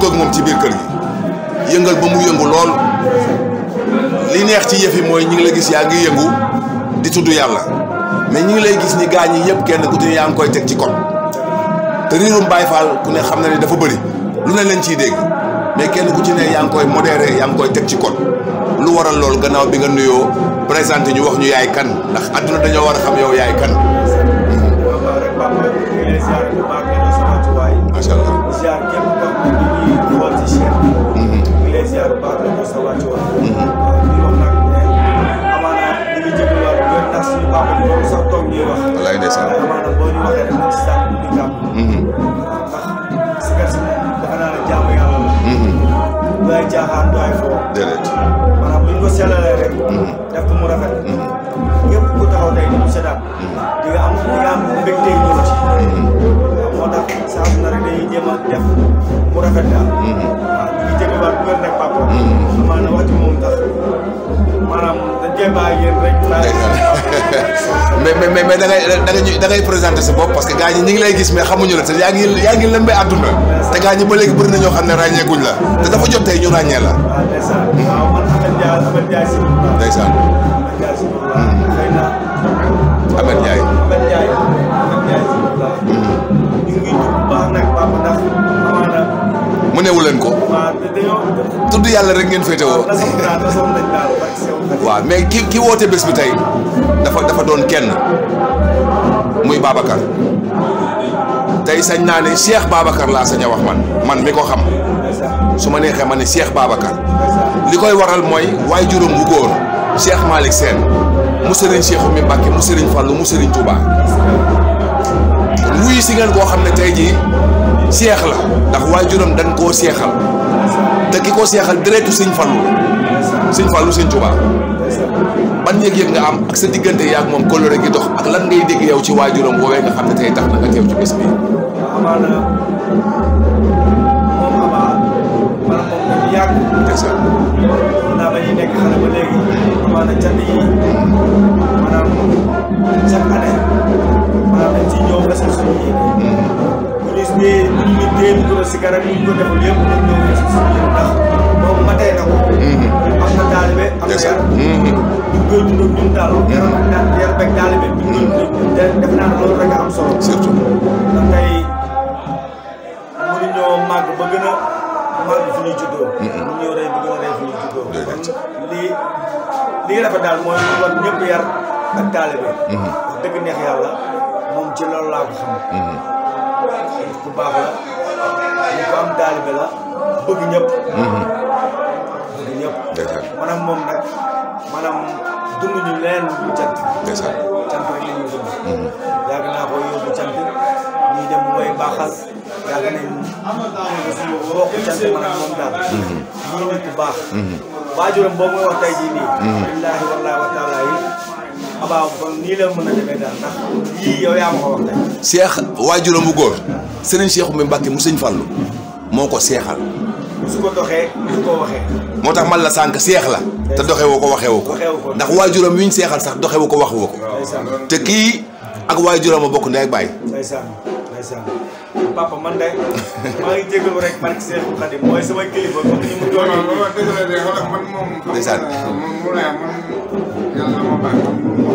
dugg ak moom ci biir kër gi yëngal ba mu yëngu lool li neex ci yëf yi mooy ñi ngi la gis yaa ngi yëngu di tudd yàlla mais ñi ngi lay gis ni gaa ñi yëpp kenn ku ci yaa ngi koy teg ci kot te riirum Baay Faal ku ne xam na ni dafa bëri lu ne leen ciy dégg mais kenn ku ci ne yaa ngi koy modéré yaa ngi koy teg ci kot lu waral lool gannaaw bi nga nuyoo présenté ñu wax ñu yaay kan ndax àdduna dañoo war a xam yow yaay kan. macha allah. koy ziar bu baax di ko sa wàcc woon. waaw di wax nag amaana ñu ngi jégaluwaat bu wér ndax suñu baax di loolu sax toog ñuy wax. wallaay ndeysaan amaana boo ñu waxee rek ñu si saako di jàpp. ndax si gerte dafa naa la jaamu yàlla la. du ay jaaxaan du ay foo. déedéet maanaam bu ñu ko sellalee rek. def ko mu rafet. ñëpp ku taxaw tey ñu seetaan. di nga am di nga am mbégte ñëw ci. moo tax saa su na rek dañuy jéem a def mu rafet daal. di jégaluwaat bu mais mais mais da ngay da ngay présenté sa bopp parce que gars ñi ñu ngi lay gis mais xamuñu la te yaa ngi yaa ngi lëmbee àdduna. te gars ñi ba léegi bëri na ñoo xam ne ràññeekuñ la te dafa jot tey ñu ràññee la. waaw ah, ah, ndeysaan ko. tudd yàlla rek ngeen féetewoo waaw mais ki ki woote bés bi tey dafa dafa doon kenn muy Babacar tey sañ naa ne Cheikh Babacar laa sañ a wax man man mi ko xam su ma neexee ma ne Cheikh Babacar li koy waral mooy waaye juróom bu góor Cheikh Malick Sène mu sëriñ Cheikh Oumy Mbacké mu sëriñ Fallou mu sëriñ Touba wuyu si ngeen koo xam ne tey jii seex la ndax waay juróom dañ koo seexal te ki ko seexal deretu sëñ Fallu sëñ Fallu sëñ Tuubaa ban yëg-yëg nga am ak sa diggante yaak moom kóllëre gi dox ak lan ngay dégg yow ci waajuram woowee nga xam ne tey tax na nga teew ci bés bi. yàgg a ministre bi ñu ngi téye micro si garab yi ñu ko defal yëpp ñu ñëw fii si suñu yëpp ndax mhm. am na taalibe am na yar. Mhm. ñu koy daal. yaram mhm. daal yar am solo. surtout ndax tey mënuñoo màgg ba gën a màgg fi ñuy juddoo. mënuñoo rey ba gën a rey fi ñuy lii lii dafa daal mooy wan ñëpp yar ak taalibe. wax dëgg neex yàlla moom ci loolu laa ko xam. ku baax la ku am taalibe la bëgg ñëpp. Mhm. bëgg ñëpp. maanaam moom nag maanaam dund ñu leen lu cant. ndeysaan cant rek la ñuy dund. Mhm. yàgg naa ko yóbbu cant ñuy dem mooy baaxal yàgg nañ suñu mbokku cant maanaam moom daal. ñuy mhm. nit ku baax. waajuram boobu nga tey jii nii. billaahi wallaahi wa taala yi. waaw kon nii la mën a demee daal ndax yii yow yaa ma seex waajuram bu góor. sëriñ Seexu mi Mbàkke mu sëñ Fallu moo ko seexal. su ko doxee su ko waxee. moo tax man la sànq seex la. te doxee woo ko waxee woo ko. ndax waajuram wi ñu seexal sax doxee woo ko wax woo ko. te kii ak waajuram a bokk ndey ak baay. man sama kilifa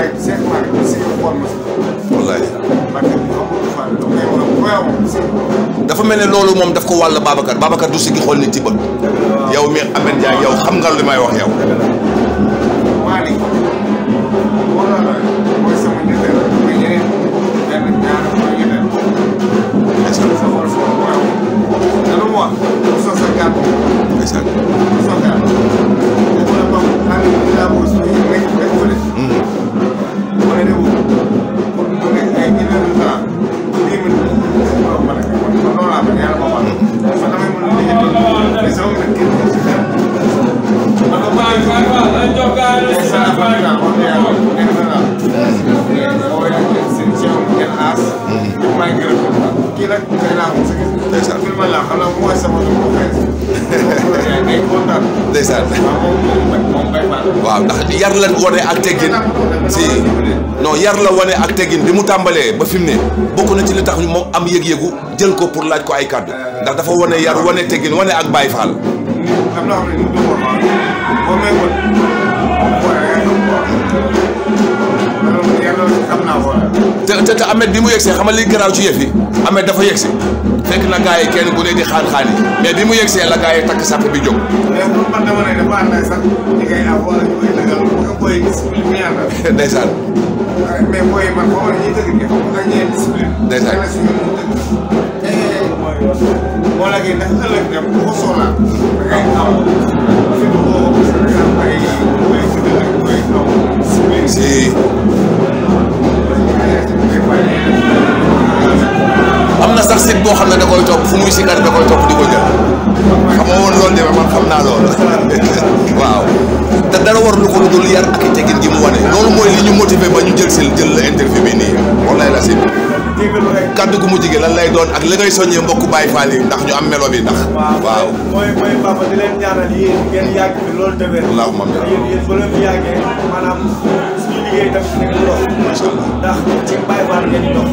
Malick Cheikh Malick Sëriñ xool ma dafa mel ne loolu moom daf ko wàll Babacar Babacar du si gi xool nit ci bët. yow mi Ameth Ndiaye yow xam nga li may wax yow. kii nag waaw ndax yar la wane ak teggin. si non yar la wane ak teggin bi mu tàmbalee ba fi mu ne. bokk na ci li tax ñu moom am yëg-yëgu jël ko pour laaj ko ay kàddu. ndax dafa wane yar wane teggin wane ak bay Faal. na te te Ameth bi mu yegsee xam nga garaaw ci yëf yi Ameth dafa yegsi fekk na gars yi kenn ku ne di xaan xaan yi mais bi mu yegsee la gars yi takk sa bi jóg. mais pour man dama ne dafa ànd ak sax ñi ngay am wala ñu koy dëggal a ñuy am na sax site boo xam ne da koy topp fu muy de da koy topp di ko jël xam woon loolu de man xam naa loolu waaw te dara war lu ko lu dul yar ak tegin gi mu wane loolu mooy li ñu motivé ba ñu jël seen jël la interview bi nii wallaay la si kàddu gu mu gi lan lay doon ak li ngay soññee mbokku baay Fall yi ndax ñu am melo bi ndax. waaw mooy mooy di leen ñaanal yéen ngeen yàgg liggéey tamit da ngeen dox ndax ci Baye Fall ngeen dox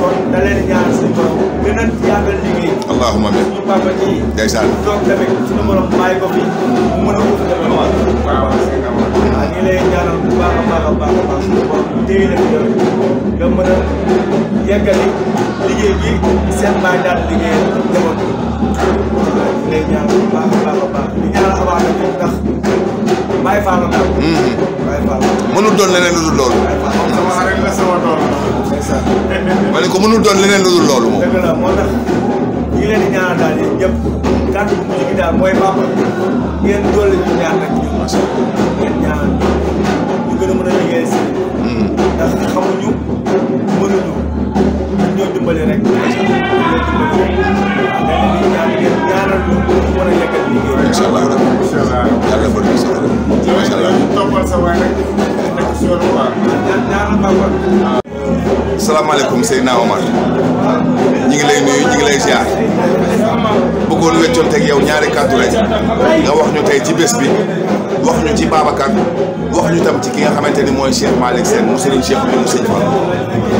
kon da leen ñaan suñu borom gën a yaatal liggéey allahumma amin ñu papa ji ndeysaan toog tamit suñu borom bàyyi ko fi mu mën a ut tamit waaw waaw waaw ñu lay ñaanal bu baax a baax a baax a baax suñu borom téye la fi yow nga mën a yeggali liggéey bi seen baay daal liggéey jamono ñu lay ñaanal bu baax a baax a baax di ñaanal awaana bàyyi faa la daal. faa la mënul doon leneen lu dul loolu. ma ne ko mënul doon leneen lu dul loolu moom. moo tax ñu ngi leen daal yéen ñëpp kàddu bu mujj daal mooy papa ngeen doole ñu ñaan ak ñun ngeen ñaanal ñu gën a mën a liggéey si. Mm-hmm. ndax xamuñu mënuñu ñoo dimbali rek. salaamaaleykum Seydina Omar ñi ngi lay nuyu ñi ngi lay ziar bëggoon weccoonte ak yow ñaari kàddu rek nga wax ñu tey ci bés bi wax ñu ci baabaka wax ñu tam ci ki nga xamante ni mooy Cheikh Malick Sène mu Serigne Cheikh bi mu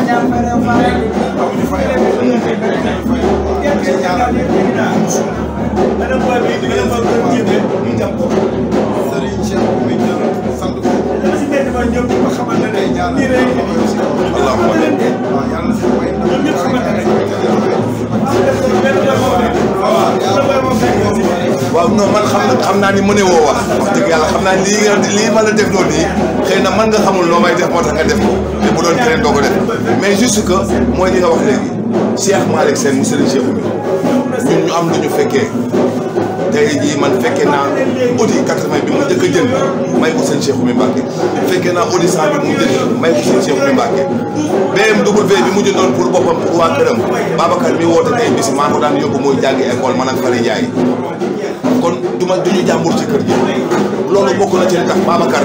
amuñu fay amuñu fay amuñu ñaanal beneen booy bi beneen booy bi ñu jëndee ñu jàpp ko. Serigne Cheikh bu muy jël sant ko. dama si nekk ba ñoom ñëpp xamante ne nii rek ñu la ko leen de. waaw yàlla na si may ñoom ñëpp xamante ne. waaw non man xam xam naa ni mënewoo wax wax dëgg yàlla xam naa ni lii lii ma la dégloo nii. na man nga xamul loo may def moo tax nga def ko te bu doon keneen doo ko def mais juste mooy li nga wax léegi Cheikh Malick Sène mu sëriñ Cheikh ñun ñu am lu ñu fekkee tey jii man fekkee naa Audi 80 bi mu njëkk a jënd may ko seen Cheikh Oumy Mbacké fekkee naa Audi 100 bi mu jënd may ko seen Cheikh Oumy Mbacké BMW bi mu jëndoon pour boppam pour waa këram Babacar mi woote tey bis maa ko daan yóbbu muy jàngi école man ak Fally kon du ma du ñu jàmbur ci bokk na ci li tax Babacar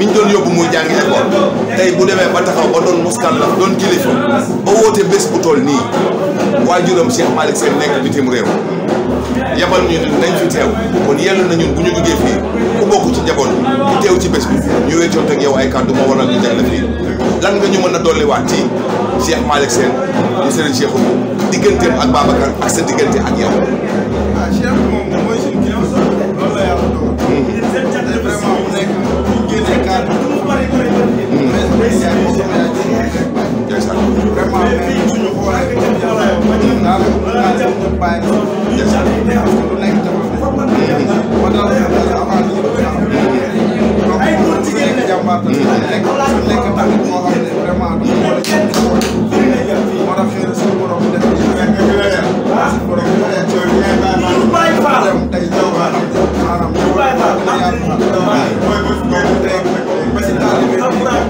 mi doon yóbbu muy jàngi école tey bu demee ba taxaw ba doon muskàllaf doon kilifa ba woote bés bu toll nii waajuram Cheikh Malick Sène nekk bitim réew yabal ñu nañ fi teew kon yell na ñun bu ñu duggee fii ku bokk ci njaboot bi teew ci bés bi ñu wéccoo ak yow ay kàddu moo waral ñu jaay la lan nga ñu mën a dolliwaat ci Cheikh Malick Sène ñu Serigne Cheikh diggante digganteem ak Babacar ak sa diggante ak yow. bàyyi ñu lu nekk jàmbaar tamit nekk nekk tamit moo xam ne vraiment du ko wala ci ko moo tax xëy na suñu borom def ci fekk suñu borom def ci dem tey jawwaan maanaam jawwaan yaa ngi ko tey ba si taalibe bi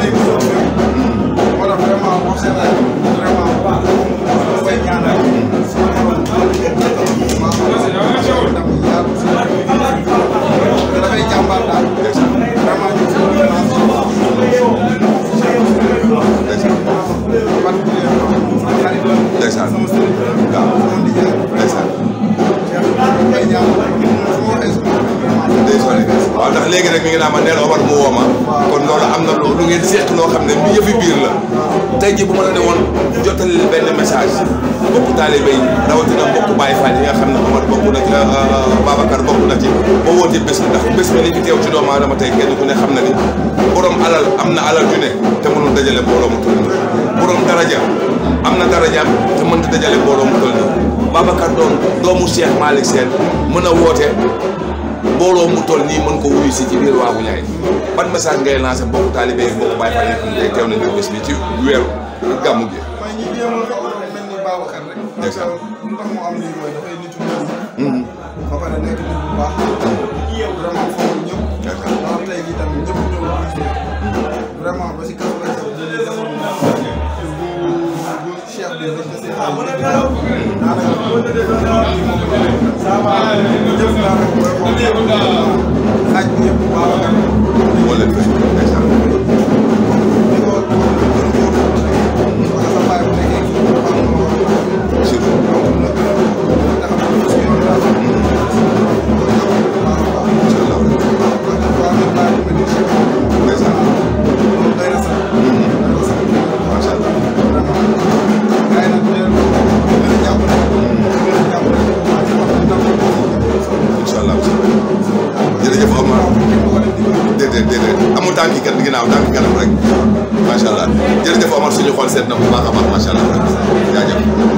Thank you. Malick Sène mën a woote mbooloo mu toll nii mën ko wuyu si ci biir waagu ñaay ban message ngay lancé mbokku taalibe yi mbokku Baay Faal yi tey teew nañ bés bi ci weeru gàmmu gi. ndax mu mm-hmm. ba pare nekk nit bu moo leen fay déedéet déedéet amul tànki kat ginnaaw tànki kanam rek macha allah jërëjëf Omar suñu xol seet na bu baax a baax macha allah jaajëf